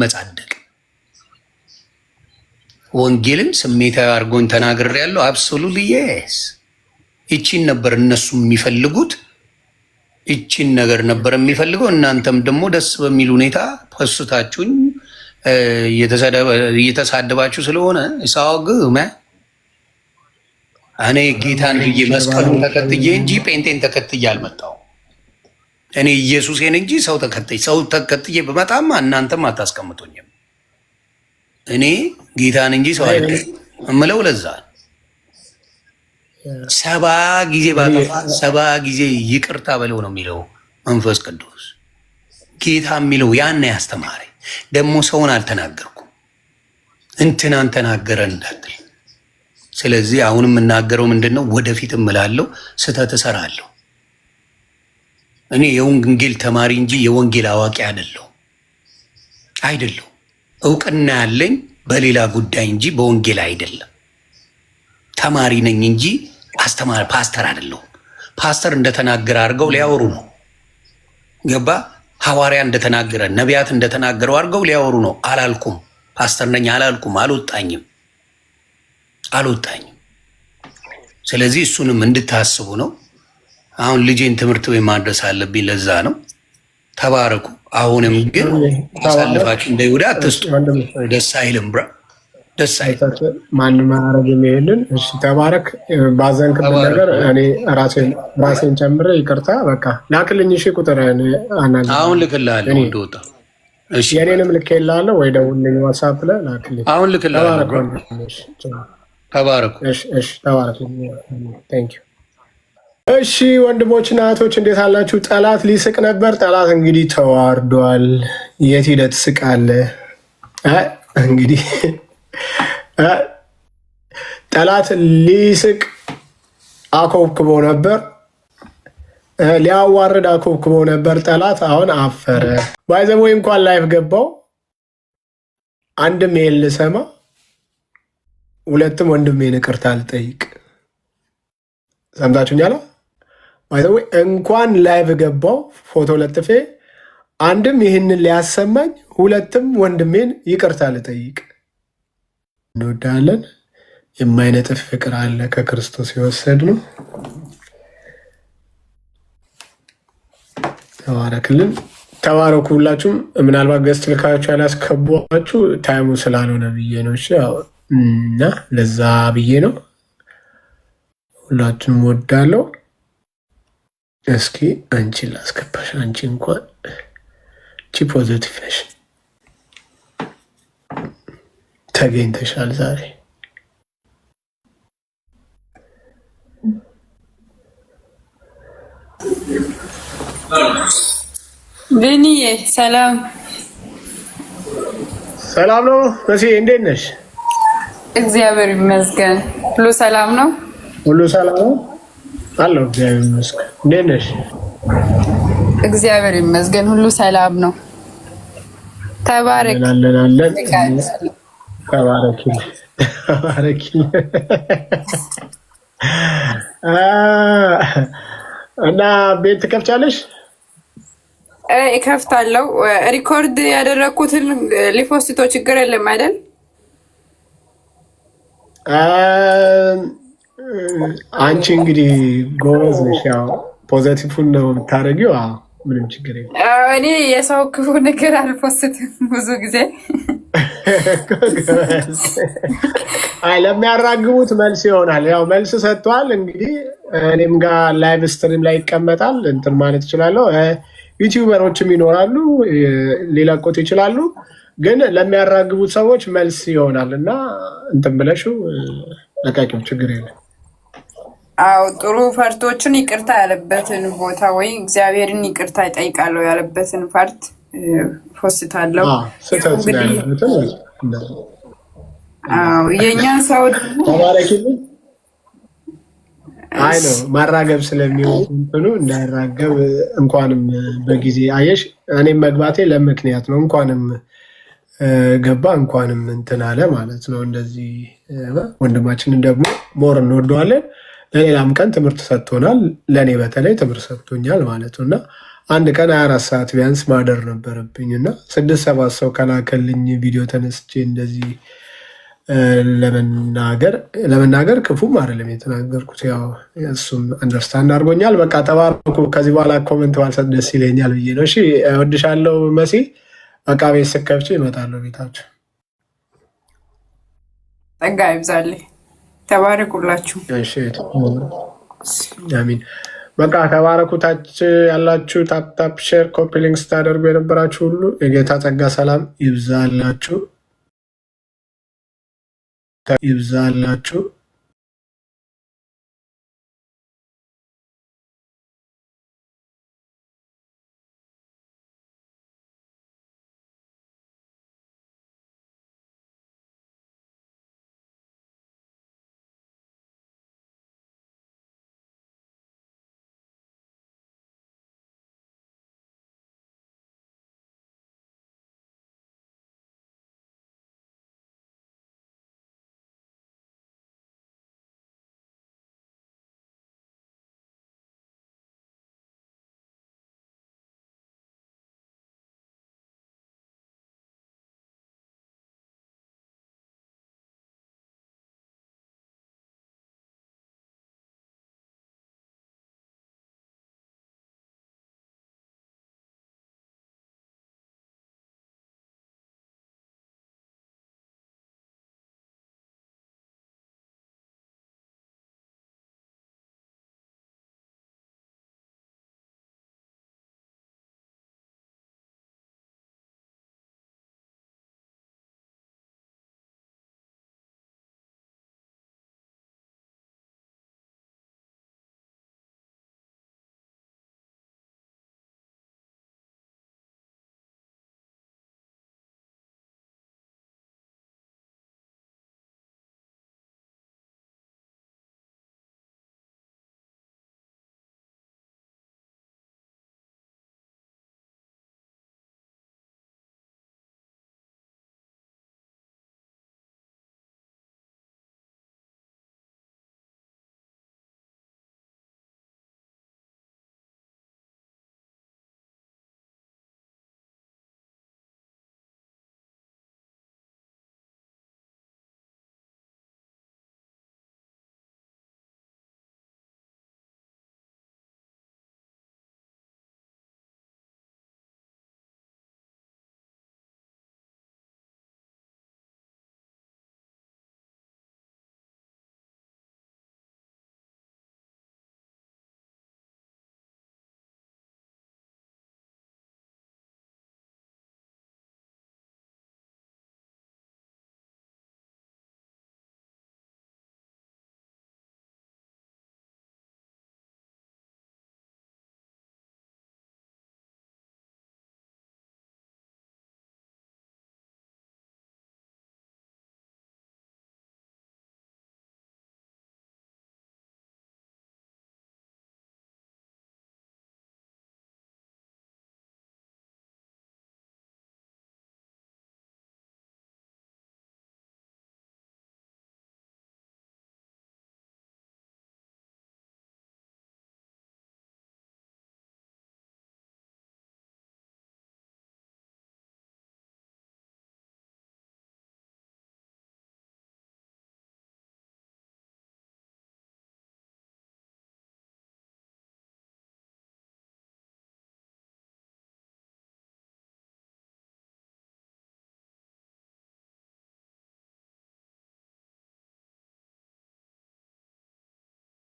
መጻደቅ ወንጌልን ስሜታዊ አድርጎኝ ተናግሬ ያለው አብሶሉት የስ ይቺን ነበር እነሱ የሚፈልጉት፣ ይቺን ነገር ነበር የሚፈልገው። እናንተም ደግሞ ደስ በሚል ሁኔታ ፖስታችሁኝ እየተሳደባችሁ ስለሆነ ሳወግ እኔ ጌታን ብዬ መስቀሉን ተከትዬ እንጂ ጴንጤን ተከትዬ አልመጣው። እኔ ኢየሱሴን እንጂ ሰው ተከተይ ሰው ተከትዬ በመጣማ እናንተም አታስቀምጡኝም። እኔ ጌታን እንጂ ሰው አይደለም እምለው። ለዛ ሰባ ጊዜ ባጠፋ ሰባ ጊዜ ይቅርታ በለው ነው የሚለው መንፈስ ቅዱስ። ጌታ የሚለው ያን ያስተማረ ደግሞ ሰውን አልተናገርኩም፣ እንትናን ተናገረ እንዳትል። ስለዚህ አሁን የምናገረው ምንድን ነው? ወደፊት እምላለሁ፣ ስህተት እሰራለሁ እኔ የወንጌል ተማሪ እንጂ የወንጌል አዋቂ አይደለሁ አይደለሁ። እውቅና ያለኝ በሌላ ጉዳይ እንጂ በወንጌል አይደለም። ተማሪ ነኝ እንጂ ፓስተር አይደለሁም። ፓስተር እንደተናገረ አድርገው ሊያወሩ ነው። ገባ ሐዋርያ እንደተናገረ ነቢያት እንደተናገረው አድርገው ሊያወሩ ነው። አላልኩም፣ ፓስተር ነኝ አላልኩም። አልወጣኝም አልወጣኝም። ስለዚህ እሱንም እንድታስቡ ነው። አሁን ልጄን ትምህርት ቤት ማድረስ አለብኝ። ለዛ ነው ተባረኩ። አሁንም ግን አሳልፋችሁ እንደ ይሁዳ አትስጡ። ደስ አይልም ብራ ደስ ማንም ማረግ የሚሄልን እሺ፣ ተባረክ። ባዘንክብኝ ነገር እኔ ራሴን ጨምረ ይቅርታ በቃ ላክልኝ። እሺ፣ ቁጥር አሁን ልክልሃለሁ እንደወጣ ልክ የላለ ወይ ደውልልኝ፣ ዋትሳፕ ላይ ላክልኝ። አሁን ልክልሃለሁ። ተባረኩ። ተባረኩ። እሺ ወንድሞችና እህቶች እንዴት አላችሁ? ጠላት ሊስቅ ነበር። ጠላት እንግዲህ ተዋርዷል። የት ሂደት ስቃለ እንግዲህ ጠላት ሊስቅ አኮብክቦ ነበር፣ ሊያዋርድ አኮብክቦ ነበር። ጠላት አሁን አፈረ። ባይዘቦ እንኳን ላይፍ ገባው አንድም ይሄን ልሰማ ሁለትም ወንድሜን ይቅርታ ልጠይቅ ሰምታችሁኛል። ባይዘዌ እንኳን ላይቭ ገባው ፎቶ ለጥፌ አንድም ይህንን ሊያሰማኝ ሁለትም ወንድሜን ይቅርታ ልጠይቅ። እንወዳለን። የማይነጥፍ ፍቅር አለ ከክርስቶስ የወሰድ ነው። ተባረክልን። ተባረኩ። ሁላችሁም ምናልባት ገስት ልካችሁ ያላስከቧችሁ ታይሙ ስላልሆነ ብዬ ነው እና ለዛ ብዬ ነው። ሁላችሁም ወዳለው እስኪ አንቺ ላስገባሽ። አንቺ እንኳን ቺ ፖዘቲቭ ነሽ፣ ተገኝተሻል ዛሬ። ብንዬ ሰላም ሰላም ነው መሲ፣ እንዴት ነሽ? እግዚአብሔር ይመስገን። ሁሉ ሰላም ነው። ሁሉ ሰላም ነው አለው። እግዚአብሔር ይመስገን። እንዴት ነሽ? እግዚአብሔር ይመስገን ሁሉ ሰላም ነው። ተባረክ። ተባረክ ተባረክ። እና ቤት ትከፍቻለሽ? እከፍታለሁ። ሪኮርድ ያደረግኩትን ሊፖስቶ ችግር የለም አይደል? አንቺ እንግዲህ ጎበዝ ነሽ ያው ፖዘቲቭን ነው የምታደርጊው? ምንም ችግር የለም። እኔ የሰው ክፉ ነገር አልፖስትም ብዙ ጊዜ አይ ለሚያራግቡት መልስ ይሆናል። ያው መልስ ሰጥቷል። እንግዲህ እኔም ጋር ላይቭ ስትሪም ላይ ይቀመጣል። እንትን ማለት ይችላለሁ። ዩቲዩበሮችም ይኖራሉ ሊለቁት ይችላሉ። ግን ለሚያራግቡት ሰዎች መልስ ይሆናል እና እንትን ብለሽው ለቃቂው ችግር የለም። አዎ ጥሩ ፈርቶችን ይቅርታ ያለበትን ቦታ ወይ እግዚአብሔርን ይቅርታ ይጠይቃለሁ ያለበትን ፈርት ፖስታለሁ። የእኛ ሰው አይ ነው ማራገብ ስለሚሆን እንትኑ እንዳይራገብ እንኳንም በጊዜ አየሽ፣ እኔም መግባቴ ለምክንያት ነው። እንኳንም ገባ እንኳንም እንትን አለ ማለት ነው። እንደዚህ ወንድማችንን ደግሞ ሞር እንወደዋለን። ለሌላም ቀን ትምህርት ሰጥቶናል። ለእኔ በተለይ ትምህርት ሰጥቶኛል ማለት ነው እና አንድ ቀን ሀያ አራት ሰዓት ቢያንስ ማደር ነበረብኝ እና ስድስት ሰባት ሰው ከላከልኝ ቪዲዮ ተነስቼ እንደዚህ ለመናገር ክፉም አይደለም የተናገርኩት። ያው እሱም አንደርስታንድ አድርጎኛል። በቃ ተባረኩ። ከዚህ በኋላ ኮመንት ባልሰጥ ደስ ይለኛል ብዬ ነው። እሺ እወድሻለሁ መሲ። በቃ ቤት ስከብቼ እመጣለሁ ቤታቸው። ጸጋ ይብዛልኝ። ተባረኩላችሁ። አሚን። በቃ ተባረኩታች ያላችሁ ታፕታፕ ሼር ኮፒሊንግ ስታደርጉ የነበራችሁ ሁሉ የጌታ ጸጋ ሰላም ይብዛላችሁ ይብዛላችሁ።